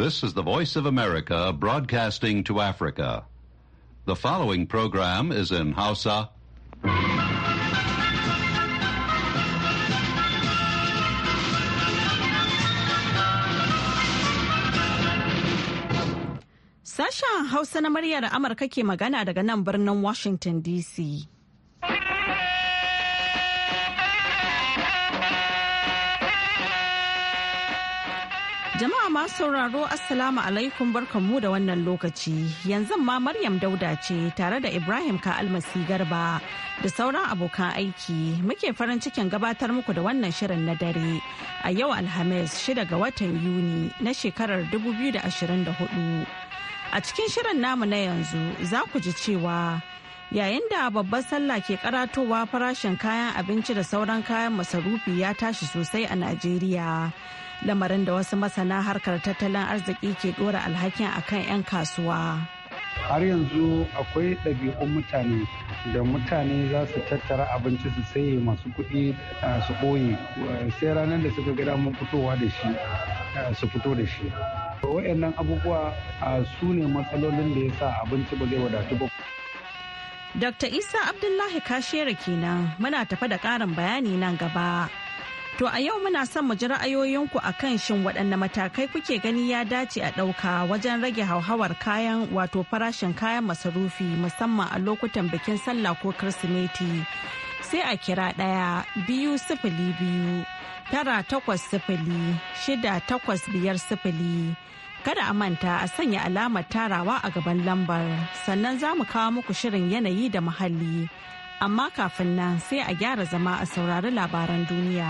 This is the Voice of America broadcasting to Africa. The following program is in Hausa. Sasha, Hausa na muryar Amurka ke magana daga nan birnin Washington DC. masu sauraro Assalamu alaikum barkanmu da wannan lokaci. Yanzu ma Maryam Dauda ce tare da Ibrahim Ka'almasi Garba da sauran abokan aiki muke farin cikin gabatar muku da wannan shirin na dare a yau Alhamis shida ga watan Yuni na shekarar 2024. A cikin shirin namu na yanzu za ku ji cewa yayin da babbar sallah ke karatowa farashin kayan abinci da sauran kayan masarufi ya tashi sosai a najeriya lamarin da wasu masana harkar tattalin arziki ke dora alhakin akan 'yan kasuwa har yanzu akwai ɗabi'un mutane da mutane za su tattara abinci su saye masu kuɗi su ɓoye sai ranar da suka gada mun fitowa da shi su fito da shi wa'annan abubuwa su ne matsalolin da ya sa abinci ba zai wadatu ba Dr. Isa Abdullahi Kashera kenan muna tafa da ƙarin bayani nan gaba. To a yau muna son mu ji ra'ayoyinku a kan shin waɗanne matakai kuke gani ya dace a ɗauka wajen rage hauhawar kayan wato farashin kayan masarufi musamman a lokutan bikin sallah ko Kirsimeti. Sai a kira ɗaya biyu sifili biyu tara takwas sifili shida takwas biyar sifili. Kada a manta a sanya alamar tarawa a gaban lambar sannan za mu kawo muku shirin yanayi da muhalli. Amma kafin nan sai a gyara zama a saurari labaran duniya.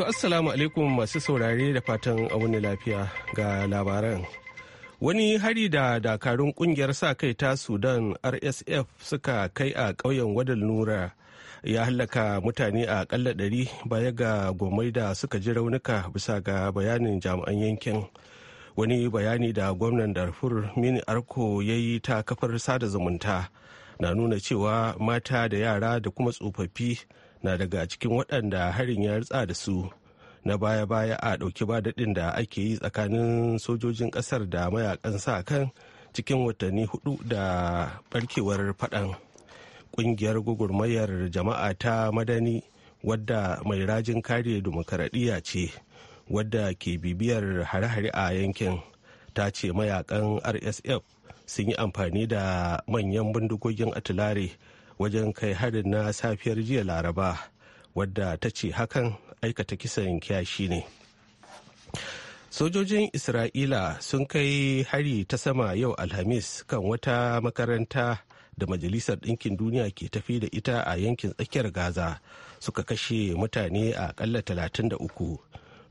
To assalamu alaikum masu saurare da fatan wani lafiya ga labaran. Wani hari da dakarun kungiyar sa kai ta Sudan RSF suka kai a ƙauyen Wadal Nura ya hallaka mutane a akalla ɗari baya ga gomai da suka ji raunuka bisa ga bayanin jami'an yankin wani bayani da gwamnan darfur mini arko ya yi ta kafar sada zumunta na nuna cewa mata da yara da kuma tsofaffi na daga cikin waɗanda harin ya rutsa da su na baya-baya a ɗauki ba daɗin da ake yi tsakanin sojojin ƙasar da mayakan sa kan cikin watanni hudu da ɓarkewar faɗan. kungiyar gugurmayar jama'a ta madani wadda mai rajin kare dimokuraɗiyya ce wadda ke bibiyar hare-hare a yankin ta ce mayakan rsf sun yi amfani da manyan bindigogin atulare wajen kai harin na safiyar jiya laraba wadda ta ce hakan aikata kisan kyashi ne sojojin isra'ila sun kai hari ta sama yau alhamis kan wata makaranta da majalisar ɗinkin duniya ke tafi da ita a yankin tsakiyar gaza suka kashe mutane a ƙalla 33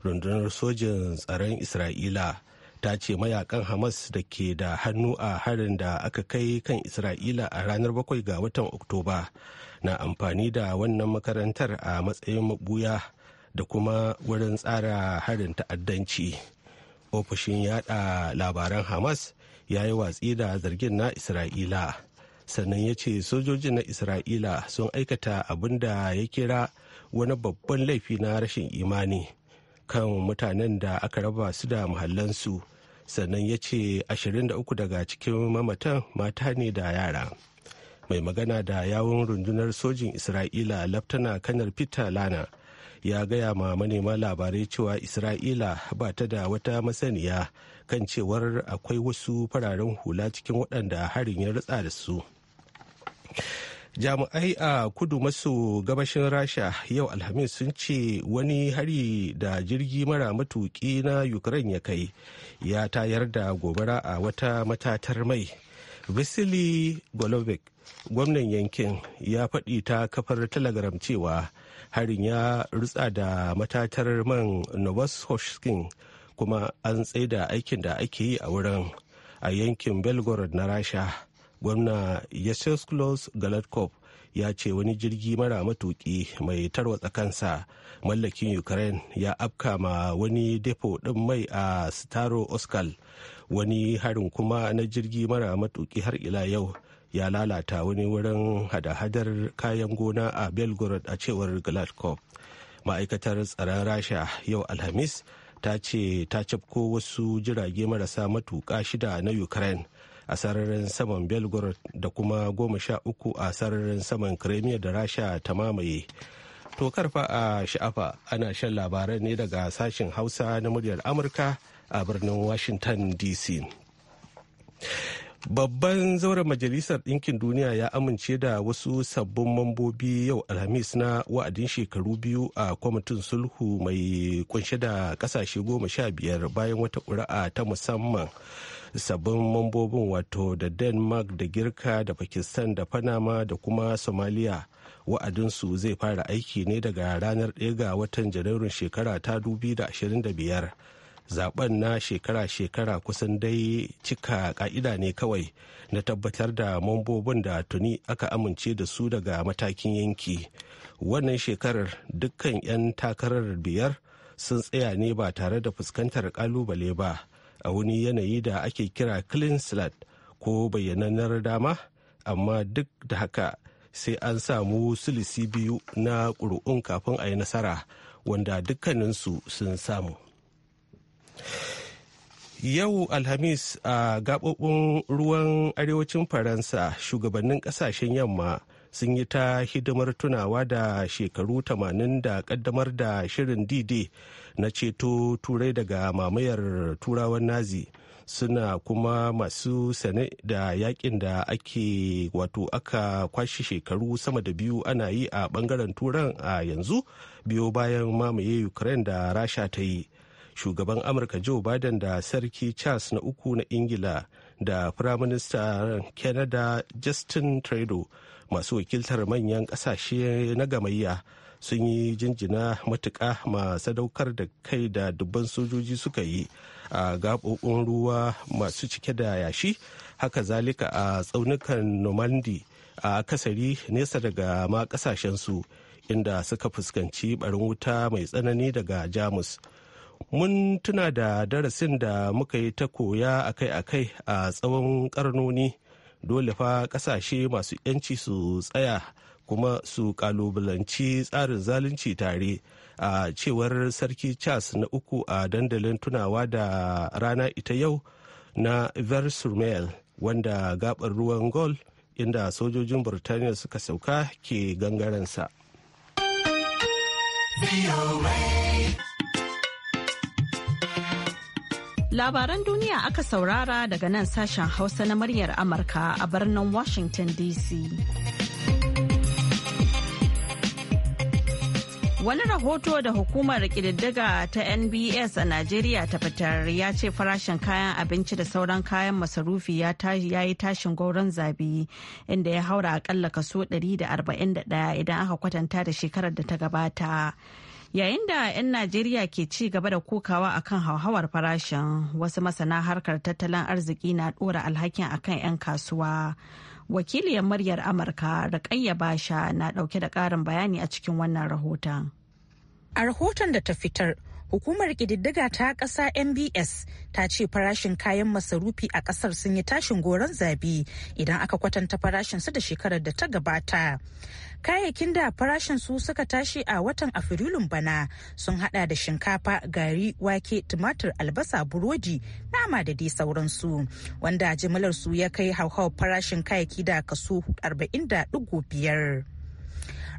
rundunar sojin tsaron isra'ila ta ce mayakan hamas da ke da hannu a harin da aka kai kan isra'ila a ranar 7 ga watan oktoba na amfani da wannan makarantar a matsayin mabuya da kuma wurin tsara harin ta'addanci ofishin yada labaran hamas ya yi watsi da zargin na isra'ila sannan ya ce sojojin na isra'ila sun aikata abin da ya kira wani babban laifi na rashin imani kan mutanen da aka raba su da muhallansu sannan ya ce 23 daga cikin mamatan mata ne da yara mai magana da yawon rundunar sojin isra'ila laftana kanar peter lana ya gaya ma manema labarai cewa isra'ila ba ta da wata masaniya kan cewar akwai wasu fararen hula cikin waɗanda harin ya rutsa da su jami'ai a kudu maso gabashin rasha yau alhamis sun ce wani hari da jirgi mara matuki na ukraine ya kai ya tayar da gobara a wata matatar mai vasily golovic gwamnan yankin ya faɗi ta kafar telegram cewa harin ya rutsa da matatar man novoskoshkin kuma an tsaida aikin da ake yi a wurin a yankin belgorod na rasha gwamna yasheskulos galatkov ya ce wani jirgi mara matuki mai tarwatsa kansa mallakin ukraine ya afka ma wani depo ɗin mai a staro oskal wani harin kuma na jirgi mara matuki har ila yau ya lalata wani wurin hada-hadar kayan gona a belgorod a cewar glasgow ma'aikatar tsaron rasha yau alhamis ta ce ta cafko wasu jirage marasa matuka shida na ukraine a sararin saman belgorod da kuma goma sha uku a sararin saman crimea da rasha ta mamaye to karfa a sha'afa ana shan labaran ne daga sashen hausa na muryar amurka a birnin washington dc Babban zauren Majalisar Ɗinkin Duniya ya amince da wasu sabbin mambobi yau Alhamis na wa'adin shekaru biyu a kwamitin sulhu mai kunshe da ƙasashe goma sha biyar bayan wata ƙuri'a ta musamman. Sabbin mambobin wato da Denmark da Girka da Pakistan da Panama da kuma Somalia. Wa'adinsu zai fara aiki ne daga ranar 1 ga watan Janairun shekara ta 2025. zaben na shekara-shekara kusan dai cika ka'ida ne kawai na tabbatar da mambobin da tuni aka amince da su daga matakin yanki wannan shekarar dukkan 'yan takarar biyar sun tsaya ne ba tare da fuskantar kalubale ba a wani yanayi da ake kira clean slate ko bayyananar dama amma duk da haka sai an samu silisi biyu na ƙuri'un kafin a yi nasara wanda dukkaninsu sun samu Yau Alhamis a gaɓoɓin ruwan arewacin Faransa shugabannin ƙasashen yamma sun yi ta hidimar tunawa da shekaru 80 da ƙaddamar da shirin dide na ceto turai daga mamayar turawan nazi suna kuma masu sane da yakin da ake wato aka kwashe shekaru sama da biyu ana yi a bangaren turan a yanzu biyo bayan mamaye ukraine da rasha ta yi shugaban amurka joe biden da sarki charles na uku na ingila da firaminista canada justin trudeau masu wakiltar manyan kasashe na gamayya sun yi jinjina matuƙa ma sadaukar da kai da dubban sojoji suka yi a gaɓoɓin ruwa masu cike da yashi haka zalika a tsaunukan normandy a kasari nesa daga ma ƙasashensu inda suka fuskanci barin wuta mai tsanani daga jamus mun tuna da darasin da muka yi ta koya akai-akai a tsawon karnoni dole fa kasashe masu 'yanci su tsaya kuma su kalubalanci tsarin zalunci tare a cewar sarki charles na uku a dandalin tunawa da rana ita yau na versailles wanda gabar ruwan gol inda sojojin burtaniya suka sauka ke gangaransa. Labaran duniya aka saurara daga nan sashen Hausa na muryar Amurka a birnin Washington DC. Wani rahoto da hukumar ƙididdiga ta NBS a Najeriya ta fitar ya ce farashin kayan abinci da sauran kayan masarufi ya yi tashin gauron zabi inda ya haura akalla kaso 141 idan aka kwatanta da shekarar da ta gabata. Yayin da 'yan Najeriya ke ci gaba da kokawa akan hauhawar farashin wasu masana harkar tattalin arziki na ɗora alhakin akan 'yan kasuwa. Wakiliyar muryar Amurka Rakayya Basha na ɗauke da ƙarin bayani a cikin wannan rahoton. A rahoton da ta fitar, hukumar ƙididdiga ta ƙasa mbs ta ce farashin kayan masarufi a ƙasar sun yi tashin goron zabi idan aka kwatanta farashin su da shekarar da ta gabata Kayayyakin da farashin su suka tashi a watan Afrilun bana sun hada da shinkafa, gari, wake, tumatir, albasa, burodi, nama da dai sauransu. Wanda jimilar su ya kai hauhau farashin kayayyaki da kaso 40.5.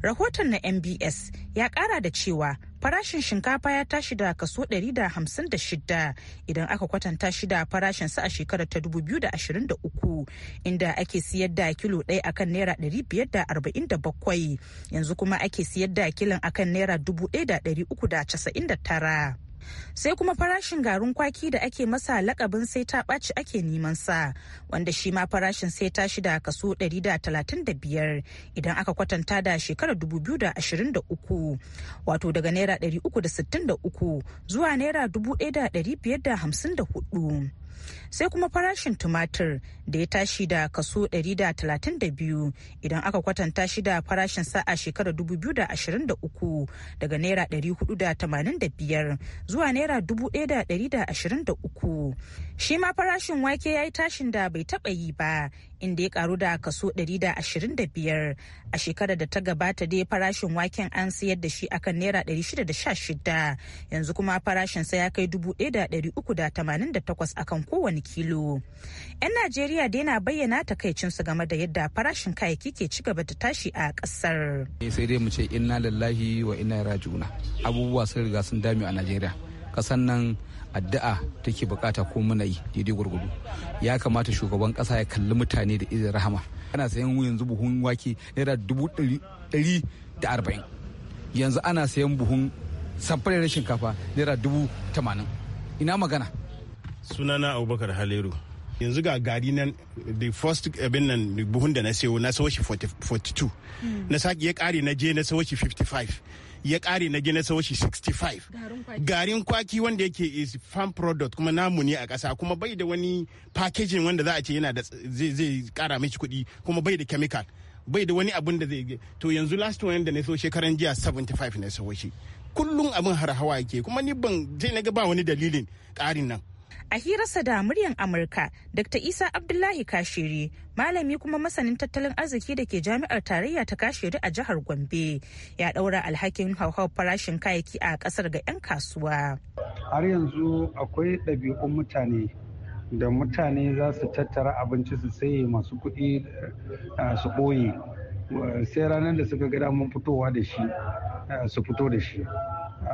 rahoton na mbs ya kara da cewa farashin shinkafa ya tashi da kaso 156 idan aka kwatanta shi da farashin sa a shekarar ta 2023 inda ake siyar da kilo ɗaya akan naira 547 yanzu kuma ake siyar da kilon akan naira 1399 sai kuma farashin garin kwaki da ake masa lakabin sai ta ɓaci ake neman sa wanda shi ma farashin sai ta shida kaso 135 idan aka kwatanta da shekarar 2023 wato daga naira 363 zuwa naira 1554 sai kuma farashin tumatir da ya tashi da kaso 132 idan aka kwatanta shi da farashin sa a shekarar 2023 daga naira 485 zuwa naira 1123 shi ma farashin wake ya yi tashin da bai taba yi ba inda ya karu da kaso 125 a shekarar da ta gabata dai farashin waken an sayar da shi akan naira 616 yanzu kuma farashin sa ya kai 1388 akan kowane kilo yan najeriya dai na bayyana su game da yadda farashin kayayyaki ke ci gaba da tashi a kasar sai dai mu ce inna lallahi wa inna raji'una abubuwa sun riga sun dami a najeriya kasan nan addu'a take bukata ko muna yi daidai gurgudu ya kamata shugaban kasa ya kalli mutane da izin rahama ana sayan yanzu buhun wake naira dubu ɗari da arba'in yanzu ana sayan buhun samfarin shinkafa naira dubu tamanin ina magana sunana abubakar haleru yanzu ga gari nan the first abin nan buhun da na sayo na sawo shi 42 hmm. na sake ya kare na je na sawo shi 55 ya kare na gina sawo shi 65 garin kwaki wanda yake is farm product kuma namu ne a kasa kuma bai da wani packaging wanda za a ce yana da zai kara mai kuɗi kuma bai da chemical bai da wani abun da zai to yanzu last one da na so shekaran jiya 75 na sawo shi kullum abin har hawa yake kuma ni ban zai na ga ba wani dalilin ƙarin nan A hirarsa da muryan Amurka, Dr. Isa Abdullahi Kashiri, malami kuma masanin tattalin arziki da ke jami'ar tarayya ta Kashiri a jihar Gombe, ya ɗaura alhakin hauhawar farashin kayayyaki a ƙasar ga 'yan kasuwa. Har yanzu akwai ɗabi'un mutane da mutane za su tattara abinci su saye masu kuɗi su ɓoye sai ranar da suka ga mun fitowa da shi su fito da shi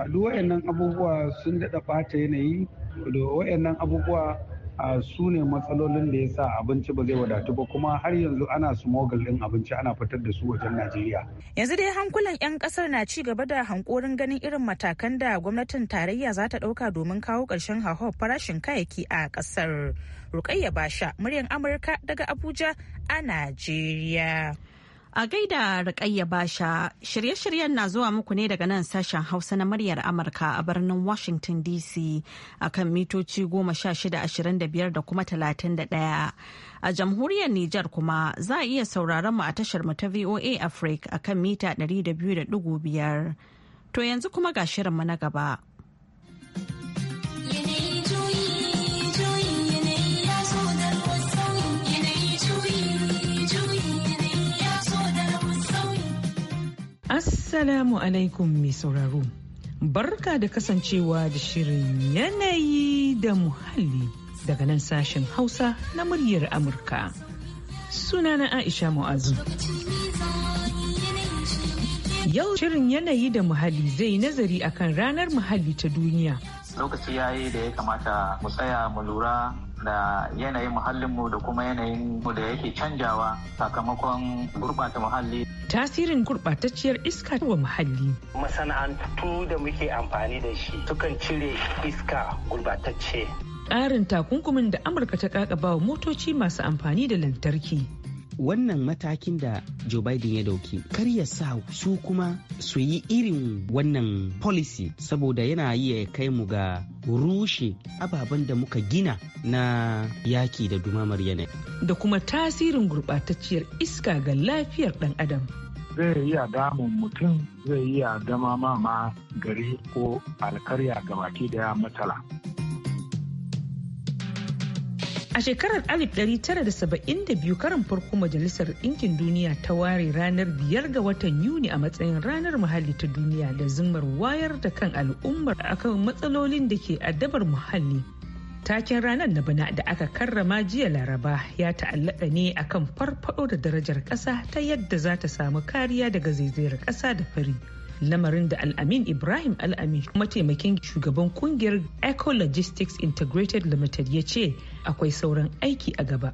duk wayannan abubuwa sun daɗa ɓata yanayi da wayannan abubuwa su ne matsalolin da ya sa abinci ba zai wadatu ba kuma har yanzu ana smoggle ɗin abinci ana fitar da su wajen najeriya yanzu dai hankulan 'yan kasar na ci gaba da hankorin ganin irin matakan da gwamnatin tarayya za ta ɗauka domin kawo ƙarshen haho farashin kayaki a ƙasar rukayya basha muryan amurka daga abuja a najeriya A gaida Rukayya Basha, shirye-shiryen na zuwa muku ne daga nan sashen Hausa na muryar Amurka a birnin Washington DC a kan mitoci 1625 da kuma 31. A jamhuriyar Nijar kuma za a iya sauraron mu a tashar mu ta VOA Africa a kan mita 200.5. To yanzu kuma ga shirinmu na gaba. Assalamu alaikum mai sauraro. Barka da kasancewa da shirin yanayi da muhalli daga nan sashen Hausa na muryar Amurka. Sunana Aisha Mu'azu. Yau shirin yanayi da muhalli zai nazari akan ranar muhalli ta duniya. Lokaci yayi da ya kamata mu tsaya mu lura da yanayin muhallinmu da kuma yanayin mu da yake canjawa sakamakon gurɓata muhalli. Tasirin gurɓatacciyar iska wa muhalli. Masana'antu da muke amfani da shi sukan cire iska gurɓatacce. Ƙarin takunkumin da Amurka ta ƙaƙabawa motoci masu amfani da lantarki. wannan matakin da Joe Biden ya dauki kar ya sa su kuma su yi irin wannan policy saboda yana ya kai mu ga rushe ababen da muka gina na yaki da dumamar yanayi. Da kuma tasirin gurɓatacciyar iska ga lafiyar ɗan adam. zai a damun mutum zai iya zama ma gari ko alkarya ga gabaki ya matsala. A shekarar 1972 karan farko Majalisar Ɗinkin Duniya ta ware ranar biyar ga watan Yuni a matsayin ranar muhalli ta duniya da zimmar wayar da kan al'ummar akan matsalolin da ke addabar muhalli. Taken ranar na bana da aka karrama jiya Laraba ya ta'allaka ne akan farfado da darajar ƙasa ta yadda za ta samu kariya daga zaizayar ƙasa da fari. lamarin da al'amin ibrahim al'ami mataimakin shugaban kungiyar eco logistics integrated limited ya ce akwai sauran aiki a gaba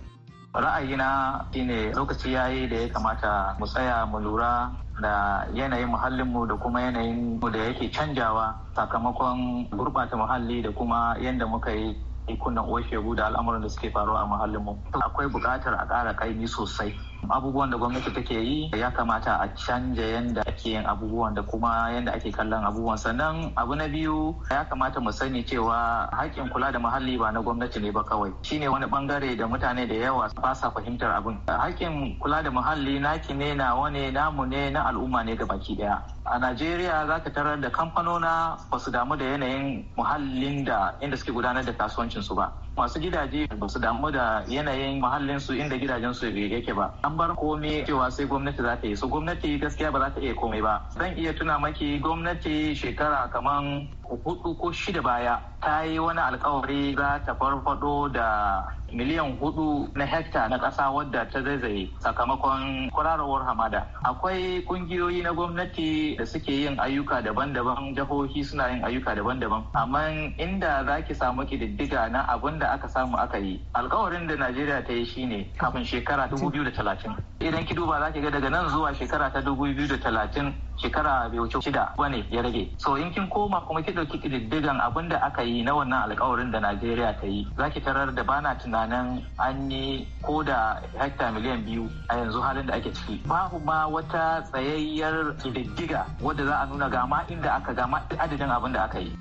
ra'ayina shine lokaci yayi da ya kamata mu tsaya mu lura da yanayin muhallinmu da kuma yanayin mu da yake canjawa sakamakon gurɓata muhalli da kuma yadda muka yi ikunan uwar da al'amuran da suke faruwa a muhallinmu akwai buƙatar a ƙara kaimi sosai abubuwan da gwamnati take yi ya kamata a canja yadda ake yin abubuwan da kuma yadda ake kallon abubuwan sannan abu na biyu ya kamata mu sani cewa haƙƙin kula da muhalli ba na gwamnati ne ba kawai shine wani bangare da mutane da yawa ba sa fahimtar abin haƙƙin kula da muhalli naki ne nawa ne namu ne na al'umma ne gabaki daya a najeriya za ka tarar da kamfanona ba su damu da yanayin muhallin da inda suke gudanar da kasuwancinsu ba masu gidaje ba su damu da yanayin muhallinsu inda gidajensu yake ba an bar komai cewa sai gwamnati za ta yi so gwamnati gaskiya ba za ta iya komai ba zan iya tuna maki gwamnati shekara kaman hudu ko shida baya ta yi wani alkawari za ta farfado da miliyan hudu na hekta na ƙasa wadda ta zaizaye sakamakon kwararowar hamada akwai kungiyoyi na gwamnati da suke yin ayyuka daban-daban jahohi suna yin ayyuka daban-daban amma inda za ki samu kididdiga na abin da aka samu aka yi alkawarin da najeriya ta yi shine kafin shekara 2030 idan ki duba za ki ga daga nan zuwa shekara ta 2030 shekara biyu shida wani ya rage so in kin koma kuma ki ɗauki ƙididdigan abin da aka yi na wannan alkawarin da najeriya ta yi za ki tarar da bana tunanin an yi ko da hekta miliyan biyu a yanzu halin da ake ciki babu ma wata tsayayyar ƙididdiga wadda za a nuna gama inda aka gama adadin abin da aka yi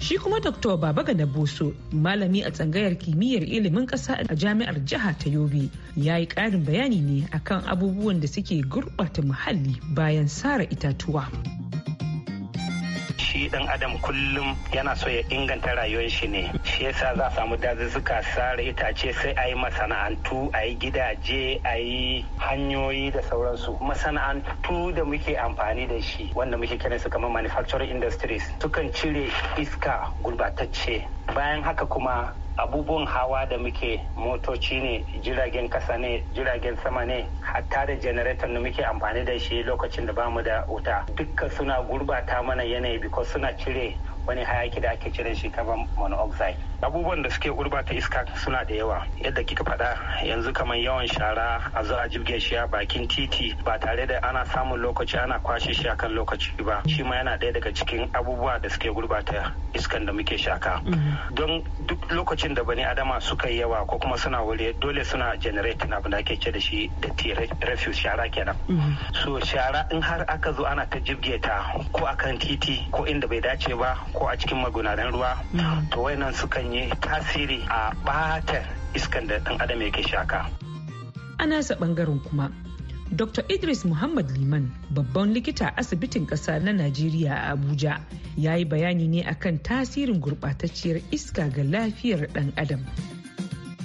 Shi kuma Dr. Babaga na Boso, malami a tsangayar kimiyyar ilimin ƙasa a jami'ar jiha ta Yobe, ya yi ƙarin bayani ne akan abubuwan da suke gurɓata muhalli bayan sara itatuwa. shi dan adam kullum yana so ya inganta rayuwar shi ne shi yasa za a samu dazuzzuka sare itace sai ayi masana'antu ayi gidaje ayi. hanyoyi da sauransu masana'antu da muke amfani da shi wanda muke kiran su kamar manufacturing industries sukan cire iska gurbatacce bayan haka kuma abubuwan hawa da muke motoci ne jiragen kasa ne jiragen sama ne hatta da janaratan da muke amfani da shi lokacin da bamu da wuta dukka suna gurbata mana yanayi biko suna cire wani hayaki da ake cire shi carbon monoxide abubuwan da suke gurbata iska suna da yawa yadda kika faɗa yanzu kamar yawan shara a zo a jirge shi a bakin titi ba tare da ana samun lokaci ana kwashe shi akan lokaci ba shi ma yana ɗaya daga cikin abubuwa da suke gurbata iskan da muke shaka mm-hmm. don duk lokacin da bani adama suka yi yawa ko kuma suna wuri dole suna generating abin da ake ce da shi da refuse shara kenan mm-hmm. so shara in har aka zo ana ta jirge ta ko akan titi ko inda bai dace ba ko a cikin magudanan ruwa mm. to wayannan sukan yi tasiri a ɓatar iskan da ɗan adam yake shaka Ana sa ɓangaren kuma Dr. Idris Muhammad Liman, babban likita asibitin ƙasa na Najeriya a Abuja, ya yi bayani ne akan tasirin gurɓatacciyar iska ga lafiyar ɗan adam.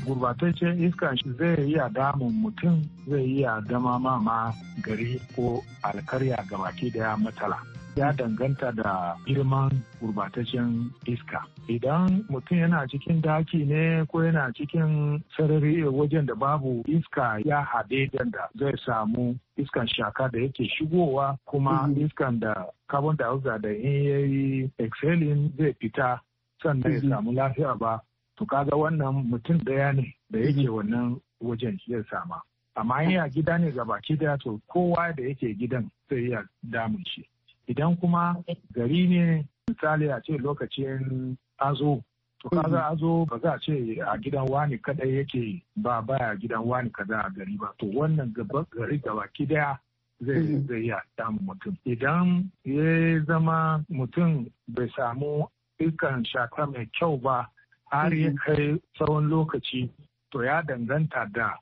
Gurbataccen iska zai iya damun mutum zai iya dama ma gari ko alkarya ga baki da matala. ya danganta da girman gurbataccen iska. Idan mutum yana cikin daki ne ko yana cikin sarari wajen da babu iska ya haɗe da zai samu iskan shaka da yake shigowa kuma mhm. iskan da carbon dioxide da in yayi exhaling zai fita sannan ya mhm. samu lafiya ba. To kaga wannan mutum ɗaya ne da yake mhm. wannan wajen ya sama. Amma in a gida ne gabaki daya to kowa da yake gidan zai iya damun shi. idan kuma gari ne misali a ce lokacin azo to kaga mhm. azo ba za a ce a gidan wani kadai yake ba baya gidan wani kaza a gari ba to wannan gari gaba ki daya zai mhm. zai ya samun mutum idan ya zama mutum bai samu ikan shaka mai kyau ba har ya mhm. kai tsawon lokaci to ya danganta da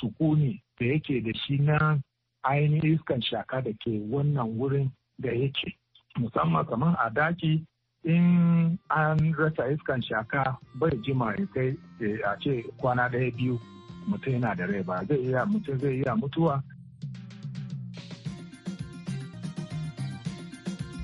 sukuni da yake da shi na ainihin iskan shaka da ke wannan wurin da yake musamman kamar a daki in an rasa iskan shaka bai jima ya kai eh, a ce kwana ɗaya biyu mutum yana da rai ba zai iya mutum zai iya mutuwa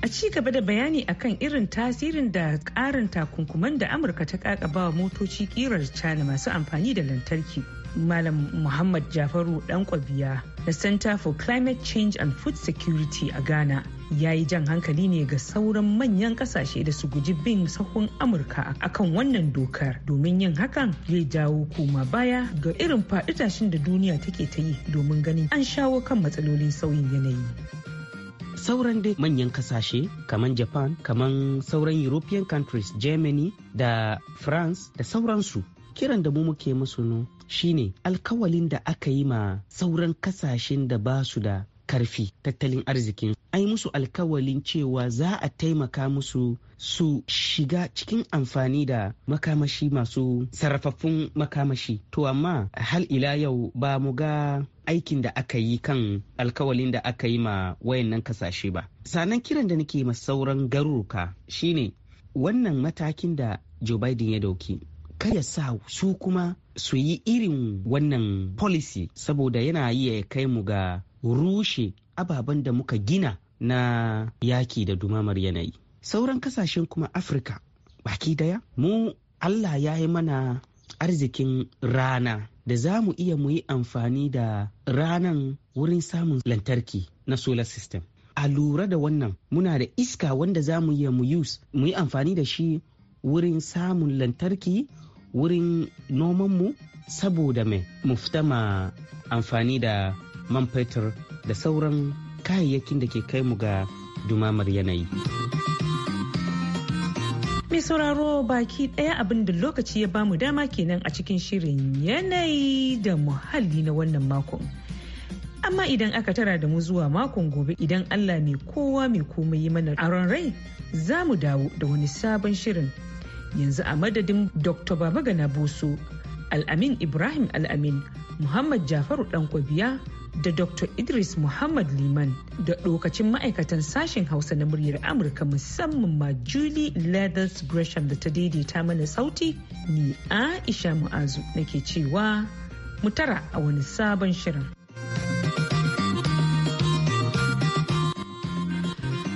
a ci gaba da bayani akan irin tasirin da ƙarin takunkuman da amurka ta kakaba wa motoci kirar china masu amfani da lantarki malam muhammad jafaru dan kwabiya na Center for Climate Change and Food Security a Ghana ya yi jan hankali ne ga sauran manyan kasashe da su guji bin sahun Amurka akan wannan dokar domin yin hakan zai jawo koma baya ga irin faɗi da duniya take ta yi domin ganin an shawo kan matsalolin sauyin yanayi. sauran dai manyan kasashe kamar japan kamar sauran european countries germany da france da sauransu kiran da mu muke musu no shine alkawalin da aka yi ma sauran kasashen da ba su da karfi tattalin arzikin ai musu alkawalin cewa za a taimaka musu su shiga cikin amfani da makamashi masu sarrafaffun makamashi to amma hal ila yau ba mu ga aikin da aka yi kan alkawalin da aka yi ma wayannan kasashe ba sanan kiran da nake ma sauran garuruka shine wannan matakin da joe biden ya dauki kada sa su kuma su yi irin wannan policy saboda yana iya kai mu ga rushe ababen da muka gina na yaki da dumamar yanayi sauran kasashen kuma afirka baki daya mu allah ya yi mana arzikin rana da za mu iya muyi amfani da ranan wurin samun lantarki na solar system a lura da wannan muna da iska wanda za mu iya mu use mu yi amfani da shi wurin samun lantarki wurin nomanmu saboda mai mu ma amfani da man fetur da sauran kayayyakin da ke kai mu ga dumamar yanayi. Mai sauraro baki ɗaya abin da lokaci ya bamu dama kenan a cikin shirin yanayi da muhalli na wannan makon. Amma idan aka tara da mu zuwa makon gobe idan Allah mai kowa mai komai mana aron rai za mu dawo da wani sabon shirin yanzu a madadin dr babagana boso al'amin ibrahim al'amin muhammad jafaru kwabiya da dr idris muhammad liman da lokacin ma'aikatan sashen hausa na muryar amurka musamman ma julie leathers gresham da ta daidaita mana sauti ni aisha mu'azu nake cewa mu tara a wani sabon shirin.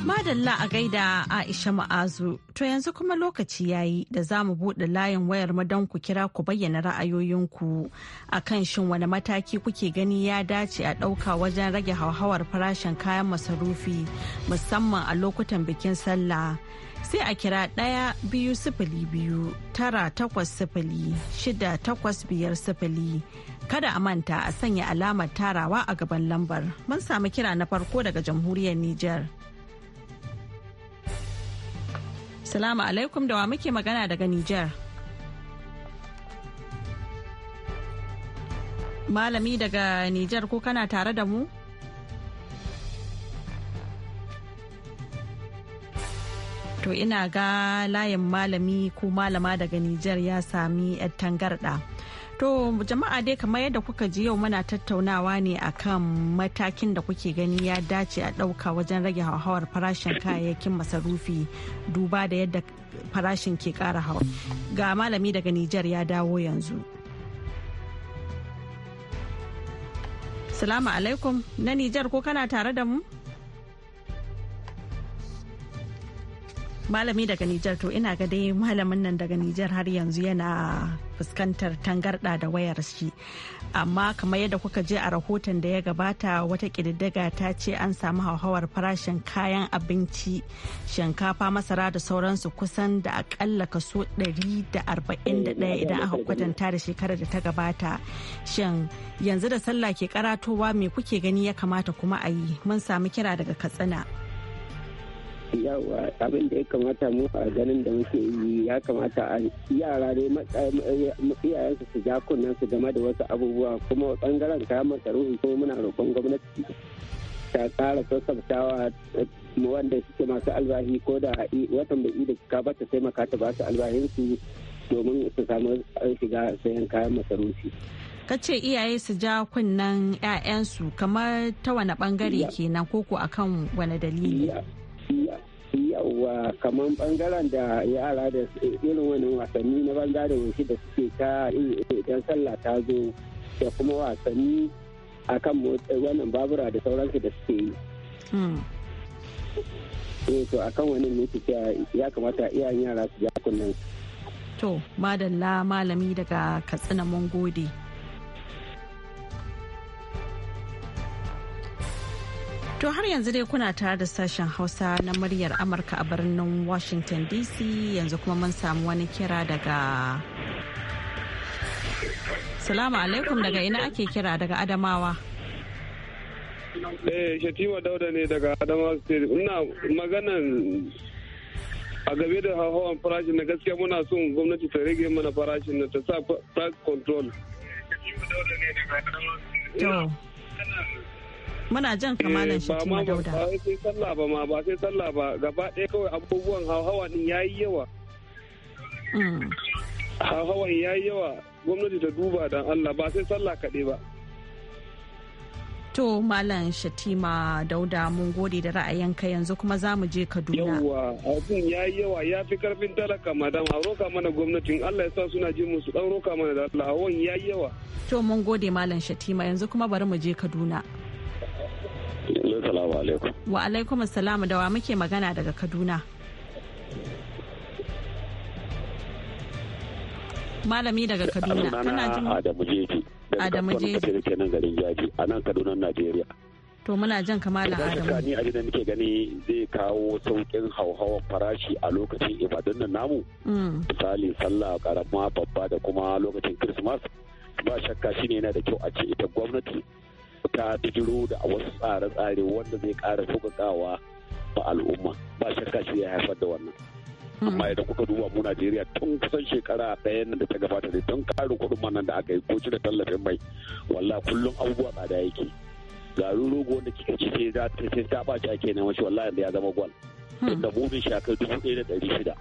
Madalla a gaida Aisha Ma'azu, to yanzu kuma lokaci ya yi da za mu buɗe layin wayar mu don ku kira ku bayyana ra'ayoyinku a kan shin wani mataki kuke gani ya dace a ɗauka wajen rage hauhawar farashin kayan masarufi musamman a lokutan bikin sallah. Sai a kira ɗaya biyu sifili biyu tara takwas sifili shida takwas biyar sifili. Kada a manta a sanya alamar tarawa a gaban lambar. Mun samu kira na farko daga jamhuriyar Nijar. Salamu alaikum da wa muke magana daga Nijar. Malami daga Nijar ko kana tare da mu? To ina ga layin malami ko malama daga Nijar ya sami 'yar tangarɗa. To jama'a dai kamar yadda kuka ji yau muna tattaunawa ne akan matakin da kuke gani ya dace a ɗauka wajen rage hauhawar farashin kayayyakin masarufi duba da yadda farashin ke kara hawa. Ga malami daga Nijar ya dawo yanzu. Salamu alaikum na Nijar ko kana tare da mu? malami daga Nijar to ina ga dai malamin nan daga Nijar har yanzu yana fuskantar tangarɗa da wayar shi amma kamar yadda kuka je a rahoton da ya gabata wata ƙididdiga ta ce an samu hauhawar farashin kayan abinci shinkafa masara da sauransu kusan da akalla kaso 141 idan aka kwatanta da shekarar da ta gabata shin yanzu da sallah ke karatowa me kuke gani ya kamata kuma a yi mun samu kira daga katsina. yawa abin da ya kamata mu a ganin da muke yi ya kamata a yara dai iyayensu su ja jakunan su game da wasu abubuwa kuma bangaren kayan masarufi ko muna roƙon gwamnati ta ƙara sassabtawa eh, wanda suke masu albahi ko da watan bai da ka bata taimaka ta ba su albahinsu domin su samu eh, shiga sayan kayan masarufi. ka ce iyaye su ja kunnen 'ya'yansu kamar ta wane bangare kenan koko akan wane dalili yawwa kamar bangaren da yara da irin wannan wasanni na bangaren shi da suke ta idan sallah ta zo da kuma wasanni a kan wannan babura da sauransu da suke yi hmm. to a kan wani ke ya kamata iyayen yara su ja kunnen to madalla malami daga katsina mun gode To har yanzu dai kuna tare da sashen Hausa na muryar Amurka a birnin Washington DC yanzu kuma mun samu wani kira daga Salamu alaikum daga ina ake kira daga Adamawa. Eh Shatima Dauda ne daga Adamawa State. Ina maganan a game da hawan farashin na gaskiya muna son gwamnati ta rage mana farashin na ta sa price control. muna jan kamalan shi tima eh, dauda ba sai sallah ba ma ba sai sallah ba gaba ɗaya kawai abubuwan hawa din yayi yawa ya mm. yayi yawa gwamnati ta duba dan Allah ba sai sallah kaɗai ba to malam shatima dauda mun gode da ra'ayinka yanzu kuma za mu je kaduna yawa abin ya yi yawa ya fi karfin talaka madam a roka mana gwamnatin allah ya sa suna je musu dan roka mana da allah a ya yi yawa to mun gode malam shatima yanzu kuma bari mu je kaduna Assalamu alaikum. Wa alaikum assalamu da wa muke magana daga Kaduna. Malami daga Kaduna. Kana jin Adamu Jeji. Adamu Jeji. Daga nan garin Jaji a nan Kaduna Najeriya. To muna jan da Adamu. Ka ni abin da nake gani zai kawo saukin hauhawar farashi a lokacin ibadun nan namu. Mm. Misali sallah karama babba da kuma lokacin Christmas. Ba shakka shine yana da kyau a ce ita gwamnati ta bijiro da wasu tsare-tsare wanda zai kara sauƙaƙawa ba al'umma ba shakka shi ya haifar da wannan hmm. amma idan kuka duba mu Najeriya tun kusan shekara ɗaya nan da ta gabata ne tun ƙarin kuɗin manan da aka yi ko cire tallafin mai walla kullum abubuwa ba tsada yake garin rogo wanda kika ci sai za ta sai ta ɓaci ake neman shi wallahi da ya zama gwal hmm. da bin shakar dubu ɗaya da ɗari shida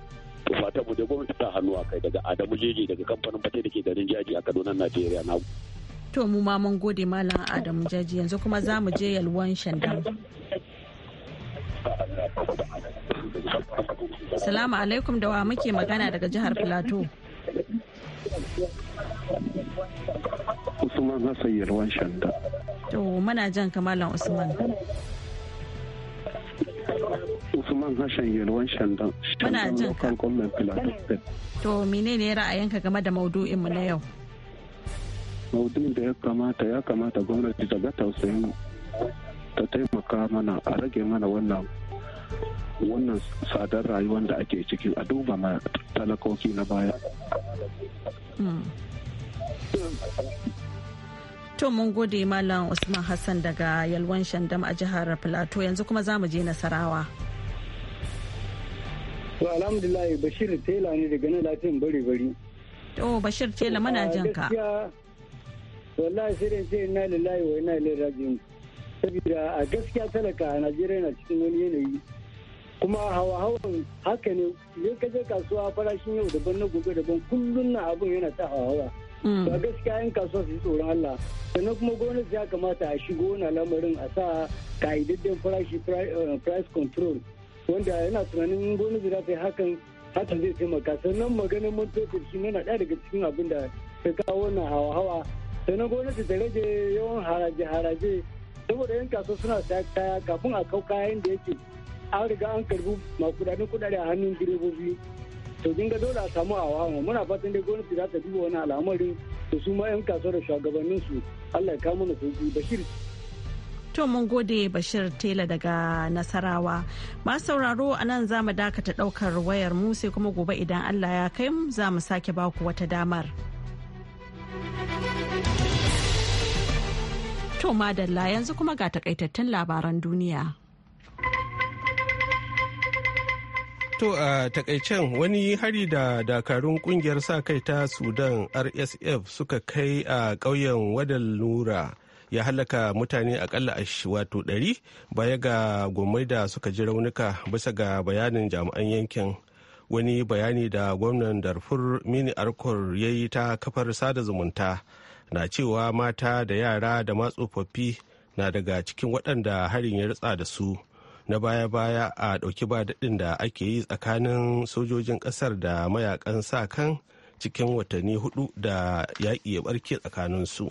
to fata mu da gwamnati ta hannu a kai daga Adamu Jeje daga kamfanin fate da ke garin jaji a Kaduna Najeriya na To mu ma mun gode Malam Adamu Jaji yanzu kuma za mu je yalwan Shandam. Salamu alaikum da wa muke magana daga jihar Filato. Usman Hassan Yalwan Shanda. To muna jan kamalan Usman. Usman Hassan Yalwan Shanda. mana jan ka. To menene ra'ayinka game da maudu'in mu na yau? mutumin da ya kamata ya kamata gwamnati ta ga tausayin ta taimaka mana a rage mana wannan wannan tsadar rayuwar da ake ciki a duba ma talakoki na baya. Hmm. To mun gode Malam Usman Hassan daga Yalwan Shandam a jihar plateau yanzu kuma za mu je Nasarawa. To alhamdulillah Bashir Tela ne daga nan lafiyan bari bari. To Bashir Tela muna jinka. wallahi sai da ce ina lillahi wa ina ilaihi raji'un saboda a gaskiya talaka a Najeriya na cikin wani yanayi kuma hawa-hawan haka ne ne ka je kasuwa farashin yau daban na gobe daban kullum na abun yana ta hawa-hawa mm. a gaskiya yan kasuwa su tsoron Allah sannan kuma gwamnati ya kamata a shigo na lamarin a sa ka'idadden farashi eh, price control wanda yana tunanin gwamnati za ta yi hakan hakan zai taimaka sannan maganin mun fetur shi yana ɗaya daga cikin abin da ta kawo wannan hawa-hawa sannan gwamnati ta rage yawan haraje-haraje saboda yan kaso suna sa kaya kafin a kau kayan da yake an riga an karbi makudanin kudade a hannun direbobi to dinga dole a samu a wawa muna fatan dai gwamnati za ta duba wani al'amarin da su ma yan kaso da shugabannin su Allah ya kawo mana sauki bashir to mun gode bashir tela daga nasarawa masu sauraro a nan za mu dakata daukar wayar mu sai kuma gobe idan Allah ya kai mu za mu sake baku wata damar. To madalla yanzu kuma ga takaitattun labaran duniya. To a takaicen wani hari da dakarun kungiyar sa kai ta Sudan RSF suka kai a ƙauyen Wadal Nura. ya halaka mutane akalla wato ɗari baya ga gomai da suka ji raunuka bisa ga bayanin jami'an yankin wani bayani da gwamnan darfur mini arkor ya yi ta kafar sada zumunta na cewa mata da yara da ma na daga cikin waɗanda harin ya ritsa da su na baya-baya a ɗauki ba daɗin da ake yi tsakanin sojojin ƙasar da mayakan sa kan cikin watanni hudu da yaƙi ya tsakanin su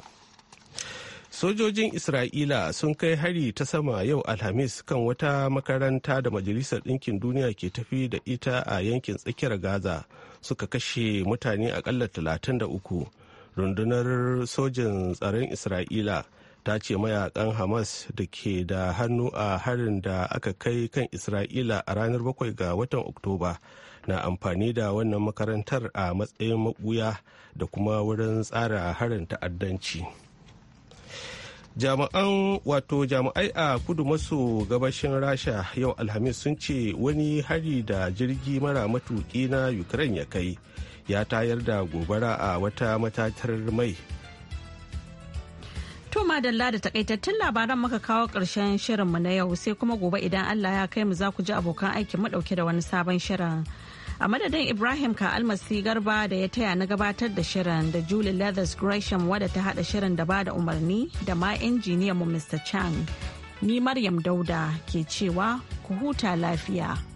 sojojin isra'ila sun kai hari ta sama yau alhamis kan wata makaranta da majalisar ɗinkin duniya ke tafi da ita a yankin tsakiyar gaza suka kashe mutane akalla uku. rundunar sojin tsaron isra'ila ta ce mayakan hamas da ke da hannu a harin da aka kai kan isra'ila a ranar 7 ga watan oktoba na amfani da wannan makarantar a matsayin mabuya da kuma wurin tsara harin ta'addanci jami'an wato jami'ai a kudu maso gabashin rasha yau alhamis sun ce wani hari da jirgi mara matuki na ukraine ya kai ya tayar da gobara a wata matatar mai toma dalla da takaitattun labaran muka kawo ƙarshen shirinmu na yau sai kuma gobe idan Allah ya kai mu za ku ji abokan aikin mu ɗauke da wani sabon shirin. A madadin Ibrahim ka almasi garba da ya taya na gabatar da shirin da Julie Leathers Gresham wadda ta haɗa shirin da ba da umarni da ma injiniyan mu Mr. Chang. Ni Maryam Dauda ke cewa ku huta lafiya.